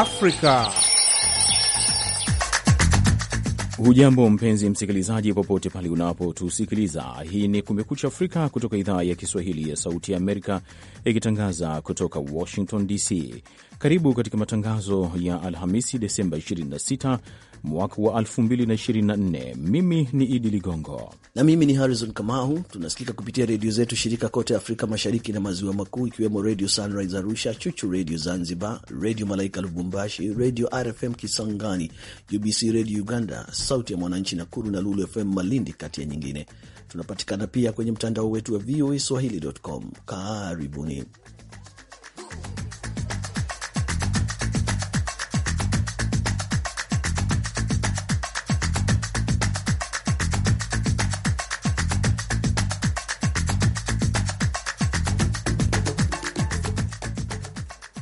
Afrika. Hujambo mpenzi msikilizaji, popote pale unapotusikiliza. Hii ni Kumekucha Afrika kutoka idhaa ya Kiswahili ya Sauti ya Amerika, ikitangaza kutoka Washington DC. Karibu katika matangazo ya Alhamisi, Desemba 26 mwaka wa 2024. Mimi ni Idi Ligongo na mimi ni Harrison Kamau. Tunasikika kupitia redio zetu shirika kote Afrika Mashariki na Maziwa Makuu, ikiwemo Redio Sunrise Arusha, Chuchu Redio Zanzibar, Redio Malaika Lubumbashi, Redio RFM Kisangani, UBC Redio Uganda, Sauti ya Mwananchi Nakuru na Lulu FM Malindi, kati ya nyingine. Tunapatikana pia kwenye mtandao wetu wa VOA Swahili.com. Karibuni.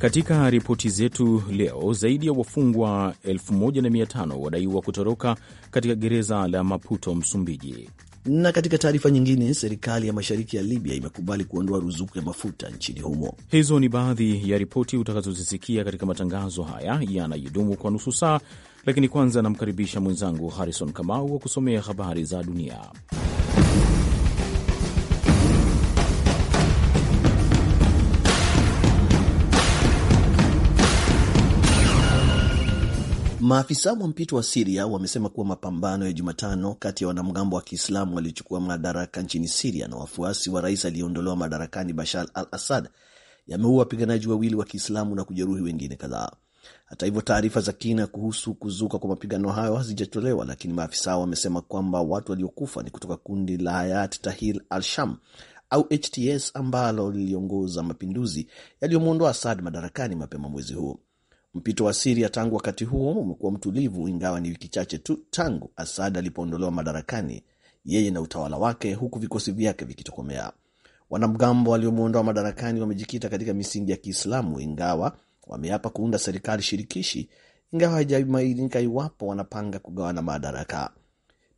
Katika ripoti zetu leo, zaidi ya wafungwa 1500 wadaiwa kutoroka katika gereza la Maputo, Msumbiji. Na katika taarifa nyingine, serikali ya mashariki ya Libya imekubali kuondoa ruzuku ya mafuta nchini humo. Hizo ni baadhi ya ripoti utakazozisikia katika matangazo haya yanayodumu kwa nusu saa, lakini kwanza namkaribisha mwenzangu Harrison Kamau wa kusomea habari za dunia. Maafisa wa mpito wa Siria wamesema kuwa mapambano ya Jumatano kati ya wanamgambo wa Kiislamu waliochukua madaraka nchini Siria na wafuasi wa rais aliyeondolewa madarakani Bashar al Assad yameua wapiganaji wawili wa Kiislamu na kujeruhi wengine kadhaa. Hata hivyo, taarifa za kina kuhusu kuzuka kwa mapigano hayo hazijatolewa, lakini maafisa wamesema kwamba watu waliokufa ni kutoka kundi la Hayat Tahrir al-Sham au HTS ambalo liliongoza mapinduzi yaliyomwondoa Assad madarakani mapema mwezi huu. Mpito wa Siria tangu wakati huo umekuwa mtulivu, ingawa ni wiki chache tu tangu Asad alipoondolewa madarakani yeye na utawala wake, huku vikosi vyake vikitokomea. Wanamgambo waliomwondoa madarakani wamejikita katika misingi ya Kiislamu, ingawa wameapa kuunda serikali shirikishi, ingawa haijabainika iwapo wanapanga kugawana madaraka.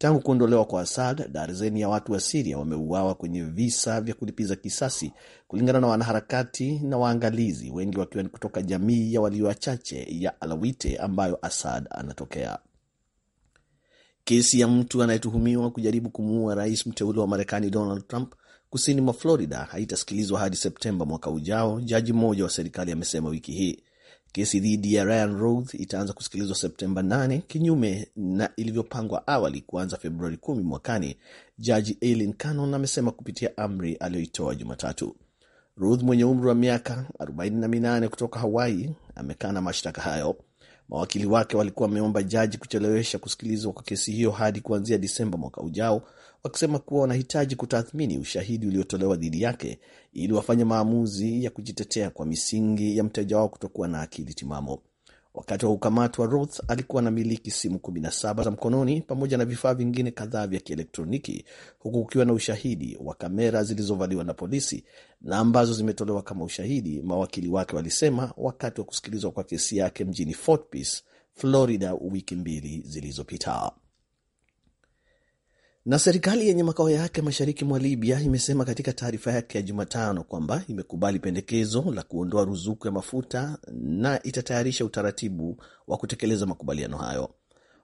Tangu kuondolewa kwa Assad, darzeni ya watu wa Siria wameuawa kwenye visa vya kulipiza kisasi, kulingana na wanaharakati na waangalizi, wengi wakiwa ni kutoka jamii ya walio wachache ya Alawite ambayo Assad anatokea. Kesi ya mtu anayetuhumiwa kujaribu kumuua rais mteule wa Marekani Donald Trump kusini mwa Florida haitasikilizwa hadi Septemba mwaka ujao, jaji mmoja wa serikali amesema wiki hii. Kesi dhidi ya Ryan Routh itaanza kusikilizwa Septemba 8 kinyume na ilivyopangwa awali kuanza Februari 10 mwakani, jaji Eileen Cannon amesema kupitia amri aliyoitoa Jumatatu. Ruth mwenye umri wa miaka 48 kutoka Hawaii amekana mashtaka hayo. Mawakili wake walikuwa wameomba jaji kuchelewesha kusikilizwa kwa kesi hiyo hadi kuanzia Disemba mwaka ujao, wakisema kuwa wanahitaji kutathmini ushahidi uliotolewa dhidi yake ili wafanye maamuzi ya kujitetea kwa misingi ya mteja wao kutokuwa na akili timamo Wakati wa kukamatwa, Roth alikuwa anamiliki simu 17 za mkononi pamoja na vifaa vingine kadhaa vya kielektroniki, huku kukiwa na ushahidi wa kamera zilizovaliwa na polisi na ambazo zimetolewa kama ushahidi, mawakili wake walisema wakati wa kusikilizwa kwa kesi yake mjini Fort Pierce, Florida, wiki mbili zilizopita. Na serikali yenye makao yake mashariki mwa Libya imesema katika taarifa yake ya Jumatano kwamba imekubali pendekezo la kuondoa ruzuku ya mafuta na itatayarisha utaratibu wa kutekeleza makubaliano hayo.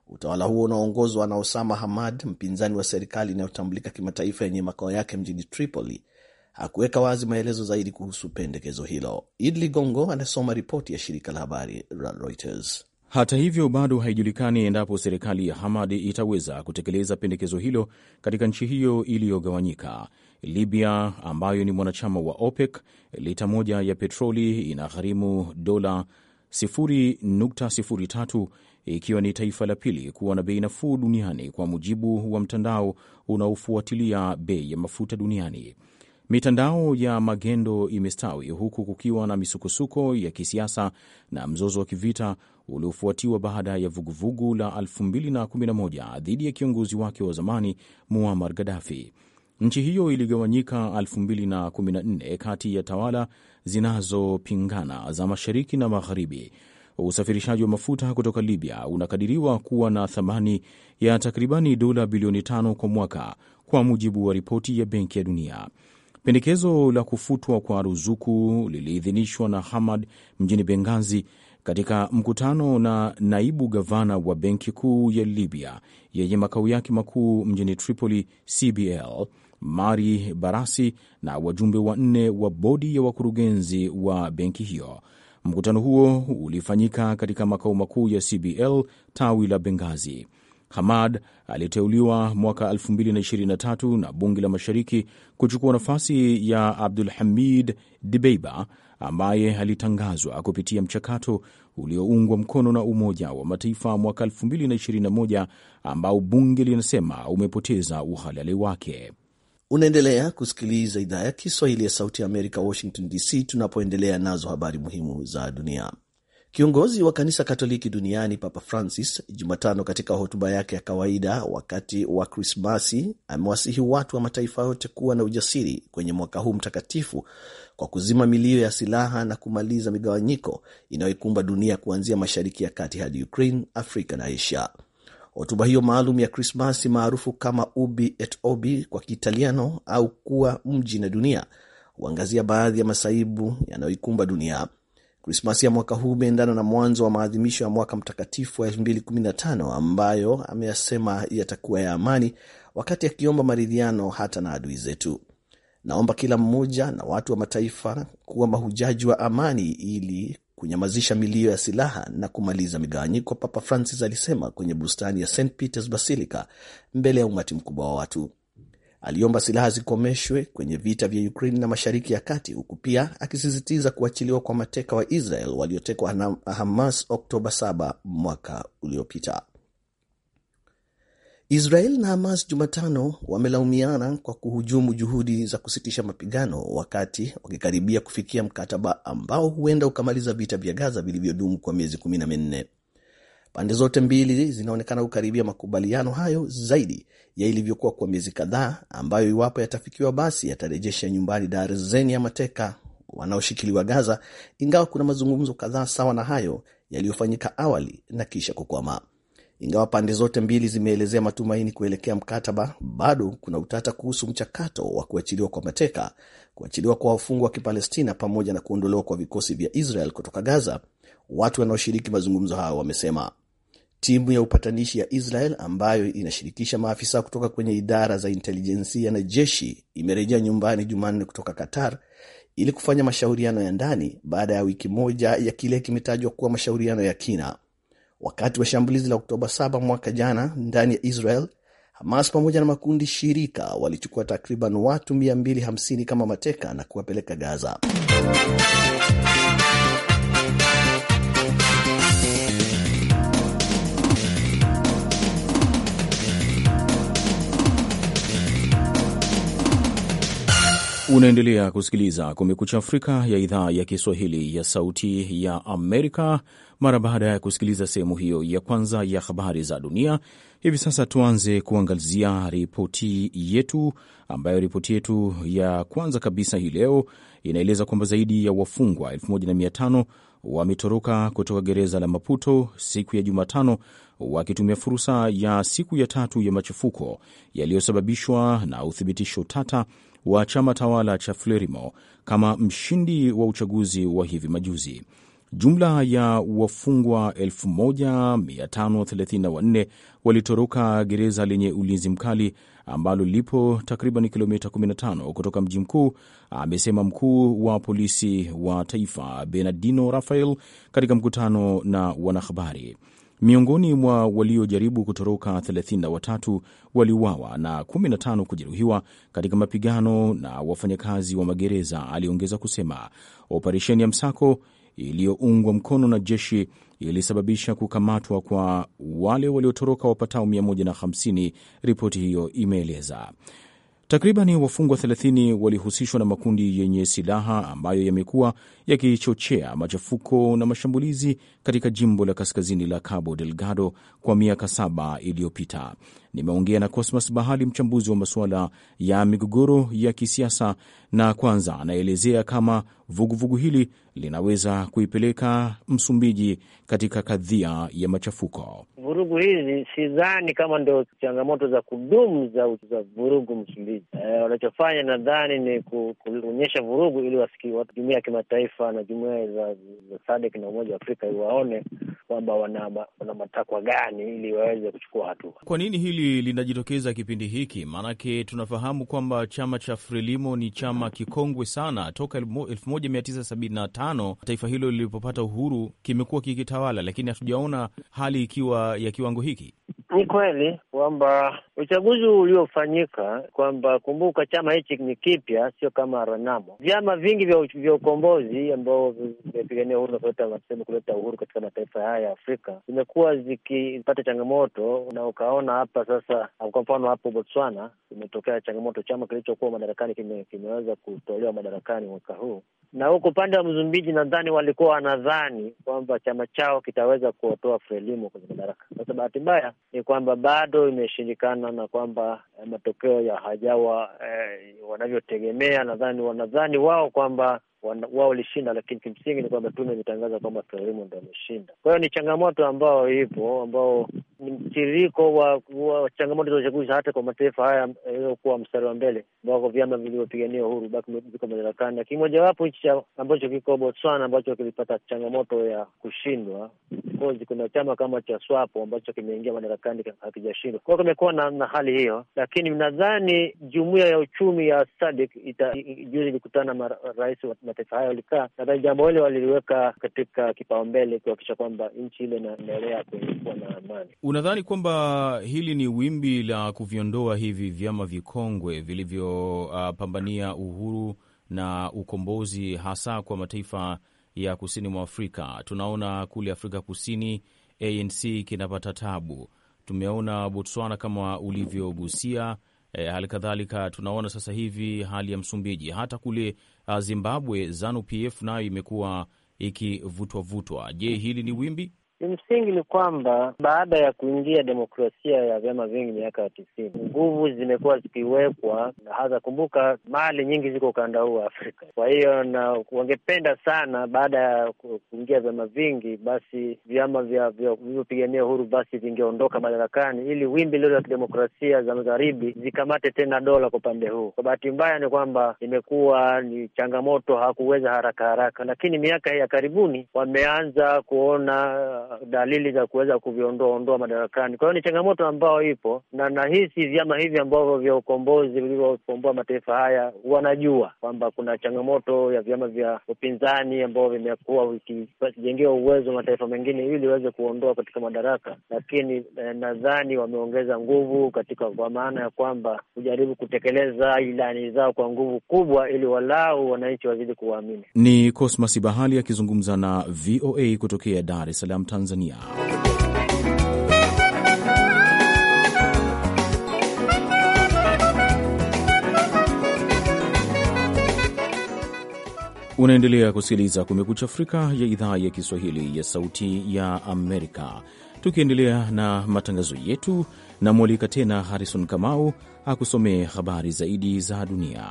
Utawala huo unaoongozwa na Osama Hamad, mpinzani wa serikali inayotambulika kimataifa yenye makao yake mjini Tripoli, hakuweka wazi maelezo zaidi kuhusu pendekezo hilo. Idli Gongo anasoma ripoti ya shirika la habari la Reuters. Hata hivyo, bado haijulikani endapo serikali ya Hamad itaweza kutekeleza pendekezo hilo katika nchi hiyo iliyogawanyika. Libya ambayo ni mwanachama wa OPEC, lita moja ya petroli inagharimu dola 0.03 ikiwa ni taifa la pili kuwa na bei nafuu duniani kwa mujibu wa mtandao unaofuatilia bei ya mafuta duniani. Mitandao ya magendo imestawi huku kukiwa na misukosuko ya kisiasa na mzozo wa kivita uliofuatiwa baada ya vuguvugu vugu la 2011 dhidi ya kiongozi wake wa zamani Muammar Gaddafi. Nchi hiyo iligawanyika 2014 kati ya tawala zinazopingana za mashariki na magharibi. Usafirishaji wa mafuta kutoka Libya unakadiriwa kuwa na thamani ya takribani dola bilioni tano kwa mwaka, kwa mujibu wa ripoti ya Benki ya Dunia. Pendekezo la kufutwa kwa ruzuku liliidhinishwa na Hamad mjini Bengazi katika mkutano na naibu gavana wa benki kuu ya Libya yenye makao yake makuu mjini Tripoli, CBL Mari Barasi na wajumbe wanne wa bodi ya wakurugenzi wa benki hiyo. Mkutano huo ulifanyika katika makao makuu ya CBL tawi la Bengazi. Hamad aliteuliwa mwaka 2023 na bunge la Mashariki kuchukua nafasi ya Abdul Hamid Dibeiba ambaye alitangazwa kupitia mchakato ulioungwa mkono na Umoja wa Mataifa mwaka 2021 ambao bunge linasema umepoteza uhalali wake. Unaendelea kusikiliza idhaa ya Kiswahili ya Sauti ya Amerika, Washington DC, tunapoendelea nazo habari muhimu za dunia. Kiongozi wa kanisa Katoliki duniani Papa Francis Jumatano, katika hotuba yake ya kawaida wakati wa Krismasi, amewasihi watu wa mataifa yote kuwa na ujasiri kwenye mwaka huu mtakatifu kwa kuzima milio ya silaha na kumaliza migawanyiko inayoikumba dunia kuanzia Mashariki ya Kati hadi Ukraine, Afrika na Asia. Hotuba hiyo maalum ya Krismasi maarufu kama Ubi et Obi kwa Kiitaliano au kuwa mji na dunia huangazia baadhi ya masaibu yanayoikumba dunia Krismasi ya mwaka huu umeendana na mwanzo wa maadhimisho ya mwaka mtakatifu wa 2015 ambayo ameyasema yatakuwa ya amani, wakati akiomba maridhiano hata na adui zetu. Naomba kila mmoja na watu wa mataifa kuwa mahujaji wa amani ili kunyamazisha milio ya silaha na kumaliza migawanyiko, Papa Francis alisema kwenye bustani ya St Peters Basilica mbele ya umati mkubwa wa watu. Aliomba silaha zikomeshwe kwenye vita vya Ukraine na Mashariki ya Kati, huku pia akisisitiza kuachiliwa kwa mateka wa Israel waliotekwa na Hamas Oktoba 7 mwaka uliopita. Israel na Hamas Jumatano wamelaumiana kwa kuhujumu juhudi za kusitisha mapigano wakati wakikaribia kufikia mkataba ambao huenda ukamaliza vita vya Gaza vilivyodumu kwa miezi kumi na minne. Pande zote mbili zinaonekana kukaribia makubaliano hayo zaidi ya ilivyokuwa kwa miezi kadhaa, ambayo iwapo yatafikiwa, basi yatarejesha nyumbani darzeni ya mateka wanaoshikiliwa Gaza, ingawa kuna mazungumzo kadhaa sawa na hayo yaliyofanyika awali na kisha kukwama. Ingawa pande zote mbili zimeelezea matumaini kuelekea mkataba, bado kuna utata kuhusu mchakato wa kuachiliwa kwa mateka, kuachiliwa kwa wafungwa wa Kipalestina pamoja na kuondolewa kwa vikosi vya Israel kutoka Gaza, watu wanaoshiriki mazungumzo hayo wamesema. Timu ya upatanishi ya Israel ambayo inashirikisha maafisa kutoka kwenye idara za intelijensia na jeshi imerejea nyumbani Jumanne kutoka Qatar ili kufanya mashauriano ya ndani baada ya wiki moja ya kile kimetajwa kuwa mashauriano ya kina wakati wa shambulizi la Oktoba 7 mwaka jana ndani ya Israel. Hamas pamoja na makundi shirika walichukua takriban watu 250 kama mateka na kuwapeleka Gaza. Unaendelea kusikiliza Kumekucha Afrika ya idhaa ya Kiswahili ya Sauti ya Amerika. Mara baada ya kusikiliza sehemu hiyo ya kwanza ya habari za dunia, hivi sasa tuanze kuangazia ripoti yetu, ambayo ripoti yetu ya kwanza kabisa hii leo inaeleza kwamba zaidi ya wafungwa 1500 wametoroka kutoka gereza la Maputo siku ya Jumatano wakitumia fursa ya siku ya tatu ya machafuko yaliyosababishwa na uthibitisho tata wa chama tawala cha Frelimo kama mshindi wa uchaguzi wa hivi majuzi. Jumla ya wafungwa 1534 walitoroka gereza lenye ulinzi mkali ambalo lipo takriban kilomita 15 kutoka mji mkuu, amesema mkuu wa polisi wa taifa Bernardino Rafael katika mkutano na wanahabari. Miongoni mwa waliojaribu kutoroka 33 waliuawa na 15 kujeruhiwa katika mapigano na wafanyakazi wa magereza. Aliongeza kusema operesheni ya msako iliyoungwa mkono na jeshi ilisababisha kukamatwa kwa wale waliotoroka wapatao 150, ripoti hiyo imeeleza takribani wafungwa 30 walihusishwa na makundi yenye silaha ambayo yamekuwa yakichochea machafuko na mashambulizi katika jimbo la kaskazini la Cabo Delgado kwa miaka saba iliyopita. Nimeongea na Cosmas Bahali, mchambuzi wa masuala ya migogoro ya kisiasa, na kwanza anaelezea kama vuguvugu vugu hili linaweza kuipeleka Msumbiji katika kadhia ya machafuko. Vurugu hizi sidhani kama ndo changamoto za kudumu za vurugu Msumbiji. E, wanachofanya nadhani ni kuonyesha vurugu ili wasiki watu jumuia ya kimataifa na jumuia za, za SADC na Umoja wa Afrika iwaone kwamba wana, wana matakwa gani ili waweze kuchukua hatua. Kwa nini hili linajitokeza kipindi hiki? Maanake tunafahamu kwamba chama cha Frelimo ni chama kikongwe sana toka 1975 taifa hilo lilipopata uhuru kimekuwa kikitawala, lakini hatujaona hali ikiwa ya kiwango hiki. Ni kweli kwamba uchaguzi uliofanyika, kwamba kumbuka, chama hichi ni kipya, sio kama Renamo. Vyama vingi vya ukombozi ambao vimepigania uhuru na kuleta kuleta uhuru katika mataifa haya ya Afrika zimekuwa zikipata changamoto, na ukaona hapa sasa, kwa mfano hapo Botswana imetokea changamoto, chama kilichokuwa madarakani kime, kimeweza kutolewa madarakani mwaka huu, na huko upande wa mzumbiji nadhani walikuwa wanadhani kwamba chama chao kitaweza kuotoa Frelimo kwenye madaraka. Sasa bahati mbaya ni kwamba bado imeshindikana na kwamba eh, matokeo ya hajawa eh, wanavyotegemea. Nadhani wanadhani wao kwamba wao walishinda, lakini kimsingi ni kwamba tume imetangaza kwamba Frelimo ndo ameshinda. Kwa hiyo ni changamoto ambayo ipo, ambao ni mtiririko wa, wa changamoto za uchaguzi, hata kwa mataifa haya eh, yaliyokuwa mstari wa mbele, ambako vyama vilivyopigania uhuru bado viko madarakani, lakini mojawapo nchi ambacho kiko Botswana ambacho kilipata changamoto ya kushindwa. Kuna chama kama cha SWAPO ambacho kimeingia madarakani hakijashindwa, kwa hiyo kumekuwa na, na hali hiyo, lakini nadhani jumuiya ya uchumi ya SADC juzi ilikutana na rais mataifa hayo walikaa, nadhani jambo hili waliliweka katika kipaumbele kuhakikisha kwamba nchi ile inaendelea kuwa na amani. Unadhani kwamba hili ni wimbi la kuviondoa hivi vyama vikongwe vilivyopambania uh, uhuru na ukombozi hasa kwa mataifa ya kusini mwa Afrika? Tunaona kule Afrika Kusini ANC kinapata tabu, tumeona Botswana kama ulivyogusia E, hali kadhalika tunaona sasa hivi hali ya Msumbiji, hata kule ah, Zimbabwe ZANU PF nayo imekuwa ikivutwavutwa. Je, hili ni wimbi Kimsingi ni kwamba baada ya kuingia demokrasia ya vyama vingi miaka ya tisini, nguvu zimekuwa zikiwekwa hasa. Kumbuka mali nyingi ziko ukanda huu wa Afrika. Kwa hiyo na wangependa sana baada ya kuingia vyama vingi, basi vyama vya vilivyopigania uhuru basi vingeondoka madarakani, ili wimbi lile la kidemokrasia za magharibi zikamate tena dola kwa upande huu. Kwa bahati mbaya ni kwamba imekuwa ni changamoto, hakuweza haraka haraka, lakini miaka ya karibuni wameanza kuona dalili za kuweza kuviondoa ondoa madarakani. Kwa hiyo ni changamoto ambayo ipo na nahisi vyama hivi ambavyo vya ukombozi vilivyokomboa mataifa haya wanajua kwamba kuna changamoto ya vyama vya upinzani ambao vimekuwa vikijengewa uwezo mataifa mengine ili waweze kuondoa katika madaraka, lakini eh, nadhani wameongeza nguvu katika, kwa maana ya kwamba kujaribu kutekeleza ilani zao kwa nguvu kubwa, ili walau wananchi wazidi kuwaamini. Ni Cosmas Bahali akizungumza na VOA kutokea Dar es Salaam. Tanzania. Unaendelea kusikiliza Kumekucha Afrika ya idhaa ya Kiswahili ya Sauti ya Amerika. Tukiendelea na matangazo yetu, namwalika tena Harrison Kamau akusomee habari zaidi za dunia.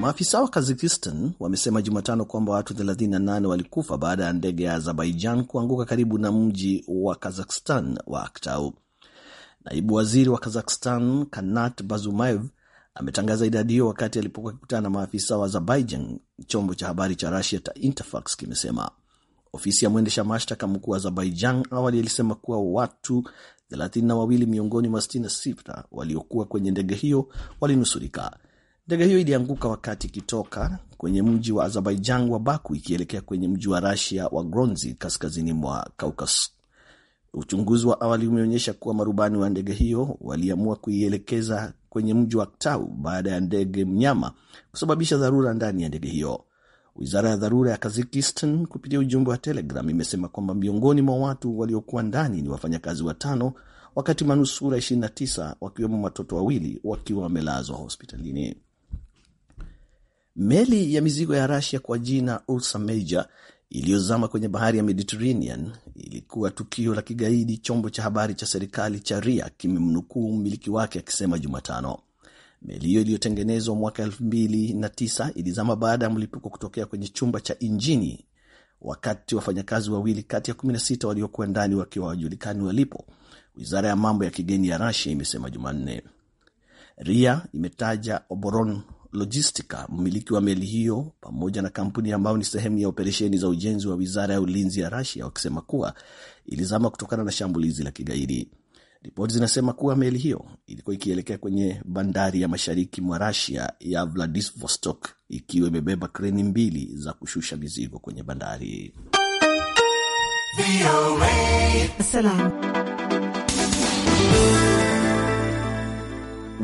Maafisa wa Kazakistan wamesema Jumatano kwamba watu 38 walikufa baada ya ndege ya Azerbaijan kuanguka karibu na mji wa Kazakhstan wa Aktau. Naibu waziri wa Kazakhstan Kanat Bazumaev ametangaza idadi hiyo wakati alipokuwa akikutana na maafisa wa Azerbaijan, chombo cha habari cha Rusia ta Interfax kimesema. Ofisi ya mwendesha mashtaka mkuu wa Azerbaijan awali alisema kuwa watu 32 miongoni mwa sitini waliokuwa kwenye ndege hiyo walinusurika. Ndege hiyo ilianguka wakati ikitoka kwenye mji wa Azerbaijan wa Baku ikielekea kwenye mji wa Rusia wa Gronzi kaskazini mwa Kaukas. Uchunguzi wa awali umeonyesha kuwa marubani wa ndege hiyo waliamua kuielekeza kwenye mji wa Ktau baada ya ndege mnyama kusababisha dharura ndani ya ndege hiyo. Wizara ya dharura ya Kazakistan kupitia ujumbe wa Telegram imesema kwamba miongoni mwa watu waliokuwa ndani ni wafanyakazi watano, wakati manusura 29 wakiwemo watoto wawili wakiwa wamelazwa hospitalini. Meli ya mizigo ya rasia kwa jina Ursa Major iliyozama kwenye bahari ya Mediterranean ilikuwa tukio la kigaidi, chombo cha habari cha serikali cha RIA kimemnukuu mmiliki wake akisema Jumatano. Meli hiyo iliyotengenezwa mwaka 2009 ilizama baada ya mlipuko kutokea kwenye chumba cha injini, wakati wafanyakazi wawili kati ya 16 waliokuwa ndani wakiwa wajulikani walipo, wizara ya mambo ya kigeni ya rasia imesema Jumanne. RIA imetaja Oboron Logistica, mmiliki wa meli hiyo, pamoja na kampuni ambayo ni sehemu ya operesheni za ujenzi wa wizara ya ulinzi ya rasia wakisema kuwa ilizama kutokana na shambulizi la kigaidi. Ripoti zinasema kuwa meli hiyo ilikuwa ikielekea kwenye bandari ya mashariki mwa rasia ya Vladivostok ikiwa imebeba kreni mbili za kushusha mizigo kwenye bandari.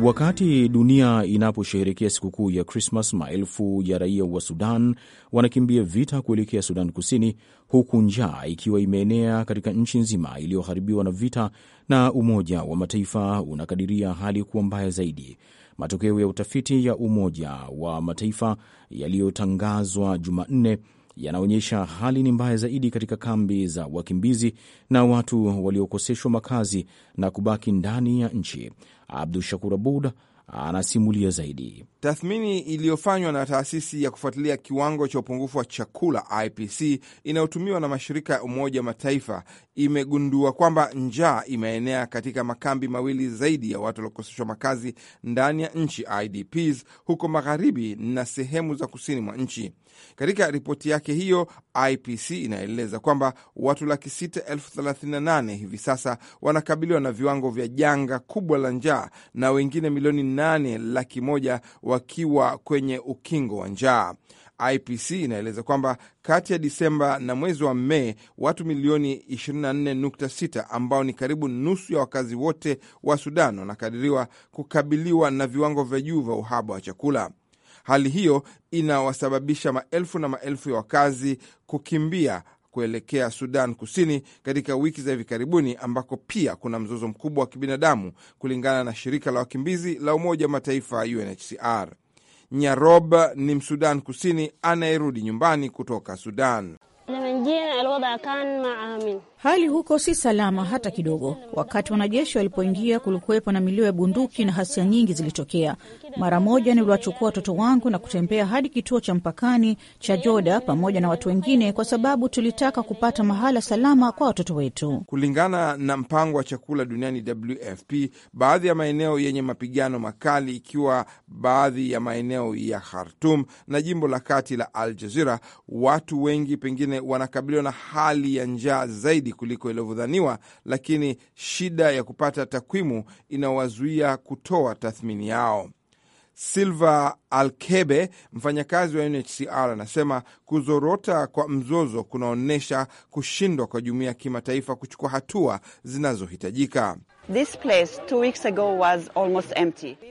Wakati dunia inaposherehekea sikukuu ya Krismas, maelfu ya raia wa Sudan wanakimbia vita kuelekea Sudan Kusini, huku njaa ikiwa imeenea katika nchi nzima iliyoharibiwa na vita, na Umoja wa Mataifa unakadiria hali kuwa mbaya zaidi. Matokeo ya utafiti ya Umoja wa Mataifa yaliyotangazwa Jumanne yanaonyesha hali ni mbaya zaidi katika kambi za wakimbizi na watu waliokoseshwa makazi na kubaki ndani ya nchi. Abdu Shakur Abud anasimulia zaidi. Tathmini iliyofanywa na taasisi ya kufuatilia kiwango cha upungufu wa chakula IPC inayotumiwa na mashirika ya Umoja wa Mataifa imegundua kwamba njaa imeenea katika makambi mawili zaidi ya watu waliokoseshwa makazi ndani ya nchi IDPs huko magharibi na sehemu za kusini mwa nchi. Katika ripoti yake hiyo, IPC inaeleza kwamba watu laki sita elfu thelathini na nane hivi sasa wanakabiliwa na viwango vya janga kubwa la njaa na wengine milioni nane laki moja wakiwa kwenye ukingo wa njaa. IPC inaeleza kwamba kati ya Disemba na mwezi wa Mei watu milioni 24.6 ambao ni karibu nusu ya wakazi wote wa Sudan wanakadiriwa kukabiliwa na viwango vya juu vya uhaba wa chakula. Hali hiyo inawasababisha maelfu na maelfu ya wakazi kukimbia kuelekea Sudan Kusini katika wiki za hivi karibuni, ambako pia kuna mzozo mkubwa wa kibinadamu, kulingana na shirika la wakimbizi la Umoja wa Mataifa UNHCR. Nyarob ni Msudan Kusini anayerudi nyumbani kutoka Sudan. Hali huko si salama hata kidogo. Wakati wanajeshi walipoingia, kulikuwepo na milio ya bunduki na hasia nyingi zilitokea. Mara moja niliwachukua watoto wangu na kutembea hadi kituo cha mpakani cha Joda pamoja na watu wengine, kwa sababu tulitaka kupata mahala salama kwa watoto wetu. Kulingana na mpango wa chakula duniani WFP, baadhi ya maeneo yenye mapigano makali, ikiwa baadhi ya maeneo ya Khartum na jimbo la kati la Al Jazira, watu wengi pengine wanakabiliwa na hali ya njaa zaidi kuliko ilivyodhaniwa, lakini shida ya kupata takwimu inawazuia kutoa tathmini yao. Silva Alkebe, mfanyakazi wa UNHCR, anasema kuzorota kwa mzozo kunaonyesha kushindwa kwa jumuiya ya kimataifa kuchukua hatua zinazohitajika.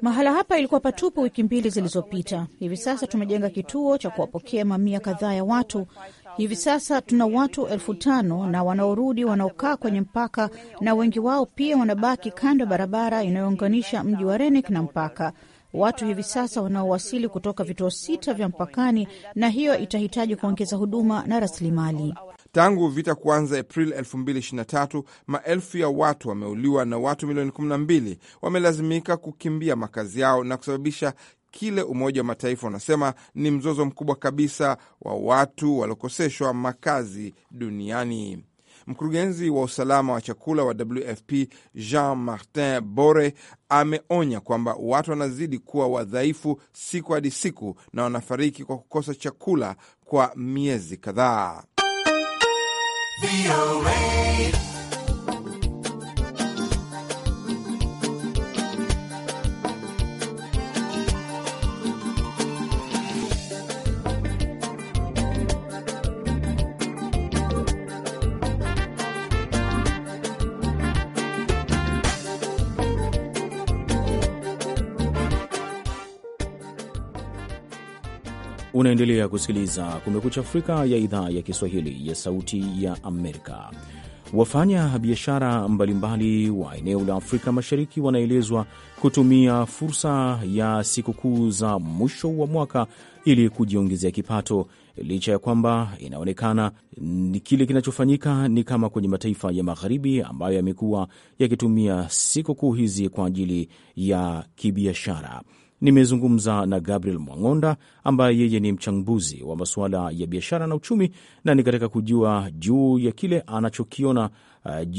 Mahala hapa ilikuwa patupu wiki mbili zilizopita. Hivi sasa tumejenga kituo cha kuwapokea mamia kadhaa ya watu, Hivi sasa tuna watu elfu tano na wanaorudi wanaokaa kwenye mpaka, na wengi wao pia wanabaki kando ya barabara inayounganisha mji wa Renek na mpaka. Watu hivi sasa wanaowasili kutoka vituo sita vya mpakani, na hiyo itahitaji kuongeza huduma na rasilimali. Tangu vita kuanza Aprili 2023 maelfu ya watu wameuliwa na watu milioni 12 wamelazimika kukimbia makazi yao na kusababisha kile Umoja wa Mataifa unasema ni mzozo mkubwa kabisa wa watu waliokoseshwa makazi duniani. Mkurugenzi wa usalama wa chakula wa WFP Jean Martin Bore ameonya kwamba watu wanazidi kuwa wadhaifu siku hadi siku na wanafariki kwa kukosa chakula kwa miezi kadhaa. Unaendelea kusikiliza Kumekucha Afrika ya idhaa ya Kiswahili ya Sauti ya Amerika. Wafanya biashara mbalimbali wa eneo la Afrika Mashariki wanaelezwa kutumia fursa ya sikukuu za mwisho wa mwaka ili kujiongezea kipato, licha ya kwamba inaonekana kile kinachofanyika ni kama kwenye mataifa ya Magharibi ambayo yamekuwa yakitumia sikukuu hizi kwa ajili ya kibiashara. Nimezungumza na Gabriel Mwang'onda ambaye yeye ni mchambuzi wa masuala ya biashara na uchumi, na ni katika kujua juu ya kile anachokiona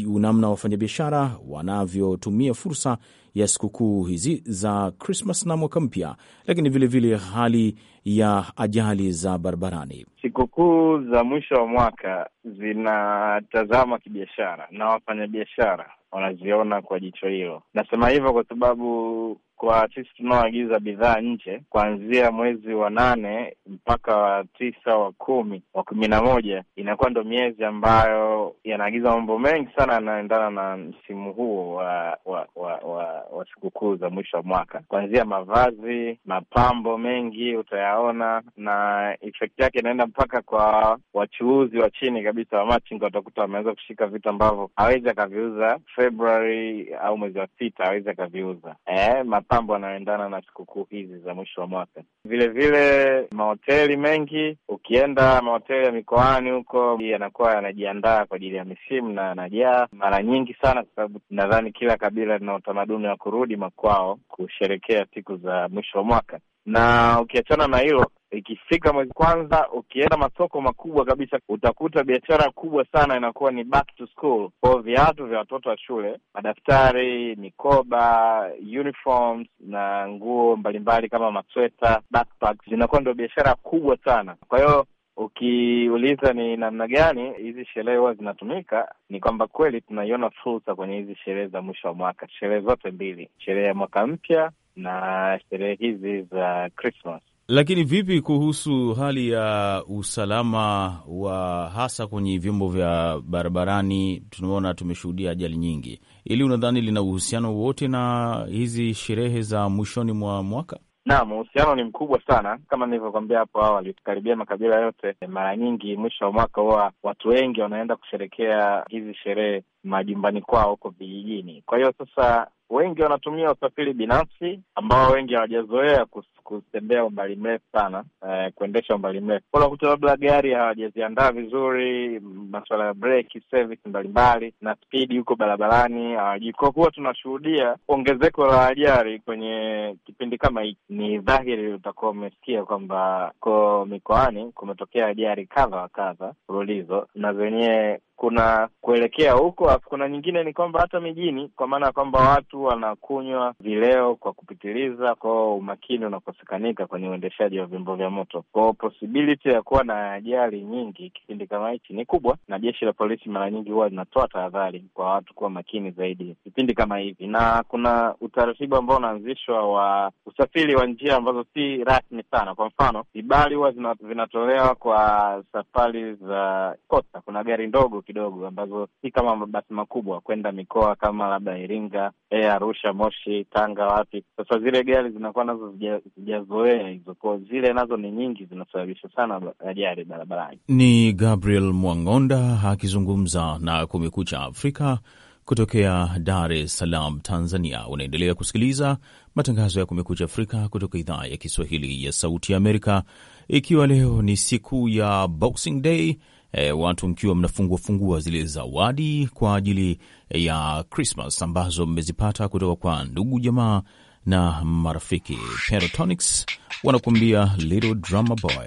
uh, namna wafanyabiashara wanavyotumia fursa ya sikukuu hizi za Krismas na mwaka mpya, lakini vilevile vile hali ya ajali za barabarani. Sikukuu za mwisho wa mwaka zinatazama kibiashara na wafanyabiashara wanaziona kwa jicho hilo. Nasema hivyo kwa sababu kwa sisi tunaoagiza bidhaa nje kuanzia mwezi wa nane mpaka wa tisa wa kumi wa kumi na moja inakuwa ndo miezi ambayo yanaagiza mambo mengi sana yanaendana na msimu huo wa wa wa, wa, wa sikukuu za mwisho wa mwaka, kuanzia mavazi, mapambo mengi utayaona, na efekti yake inaenda mpaka kwa wachuuzi wa chini kabisa wa machinga, utakuta wameweza kushika vitu ambavyo awezi akaviuza Februari au mwezi wa sita awezi akaviuza eh, mapambo yanayoendana na sikukuu hizi za mwisho wa mwaka. vilevile vile mahoteli mengi, ukienda mahoteli ya mikoani huko yanakuwa yanajiandaa kwa ajili ya misimu na yanajaa mara nyingi sana, kwa sababu nadhani kila kabila lina utamaduni wa kurudi makwao kusherekea siku za mwisho wa mwaka na ukiachana na hilo ikifika mwezi kwanza, ukienda masoko makubwa kabisa, utakuta biashara kubwa sana inakuwa ni back to school, viatu vya watoto wa shule, madaftari, mikoba, uniforms na nguo mbalimbali kama masweta, backpacks zinakuwa ndio biashara kubwa sana. Kwa hiyo ukiuliza ni namna gani hizi sherehe huwa zinatumika, ni kwamba kweli tunaiona fursa kwenye hizi sherehe za mwisho wa mwaka, sherehe zote mbili, sherehe ya mwaka mpya na sherehe hizi za Christmas. Lakini vipi kuhusu hali ya usalama wa hasa kwenye vyombo vya barabarani? Tunaona tumeshuhudia ajali nyingi, ili unadhani lina uhusiano wote na hizi sherehe za mwishoni mwa mwaka? Naam, uhusiano ni mkubwa sana. Kama nilivyokwambia hapo awali, karibia makabila yote, mara nyingi mwisho wa mwaka huwa watu wengi wanaenda kusherekea hizi sherehe majumbani kwao huko vijijini. Kwa hiyo sasa wengi wanatumia usafiri binafsi ambao wengi hawajazoea kutembea umbali mrefu sana, eh, kuendesha umbali mrefu. Unakuta labda gari hawajaziandaa vizuri, masuala ya breki, service mbalimbali na spidi huko barabarani hawajui. Kwa kuwa tunashuhudia ongezeko la ajari kwenye kipindi kama hiki, ni dhahiri utakuwa umesikia kwamba ko mikoani kumetokea ajari kadha wa kadha mfululizo na zenyewe kuna kuelekea huko, alafu kuna nyingine ni kwamba hata mijini, kwa maana ya kwamba watu wanakunywa vileo kwa kupitiliza, kwao umakini unakosekanika kwenye uendeshaji wa vyombo vya moto, kwao posibiliti ya kuwa na ajali nyingi kipindi kama hichi ni kubwa, na jeshi la polisi mara nyingi huwa linatoa tahadhari kwa watu kuwa makini zaidi vipindi kama hivi, na kuna utaratibu ambao unaanzishwa wa usafiri wa njia ambazo si rasmi sana. Kwa mfano, vibali huwa vinatolewa kwa safari za kota, kuna gari ndogo kidogo ambazo si kama mabasi makubwa kwenda mikoa kama labda Iringa, e, Arusha, Moshi, Tanga, wapi. Sasa zile gari zinakuwa nazo zijazoea hizo, kwa zile nazo ni nyingi, zinasababisha sana ajali barabarani. Ni Gabriel Mwang'onda akizungumza na Kumekucha Afrika kutokea Dar es Salaam, Tanzania. Unaendelea kusikiliza matangazo ya Kumekucha Afrika kutoka idhaa ya Kiswahili ya Sauti ya Amerika, ikiwa leo ni siku ya Boxing Day e, watu mkiwa mnafungua fungua zile zawadi kwa ajili ya Christmas ambazo mmezipata kutoka kwa ndugu jamaa na marafiki. Pentatonix wanakuambia Little Drummer Boy.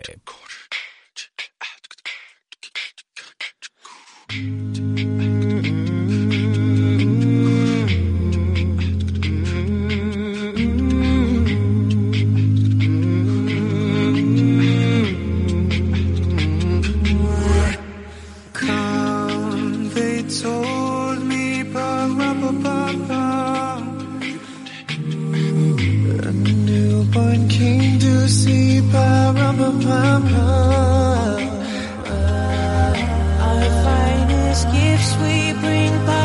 we bring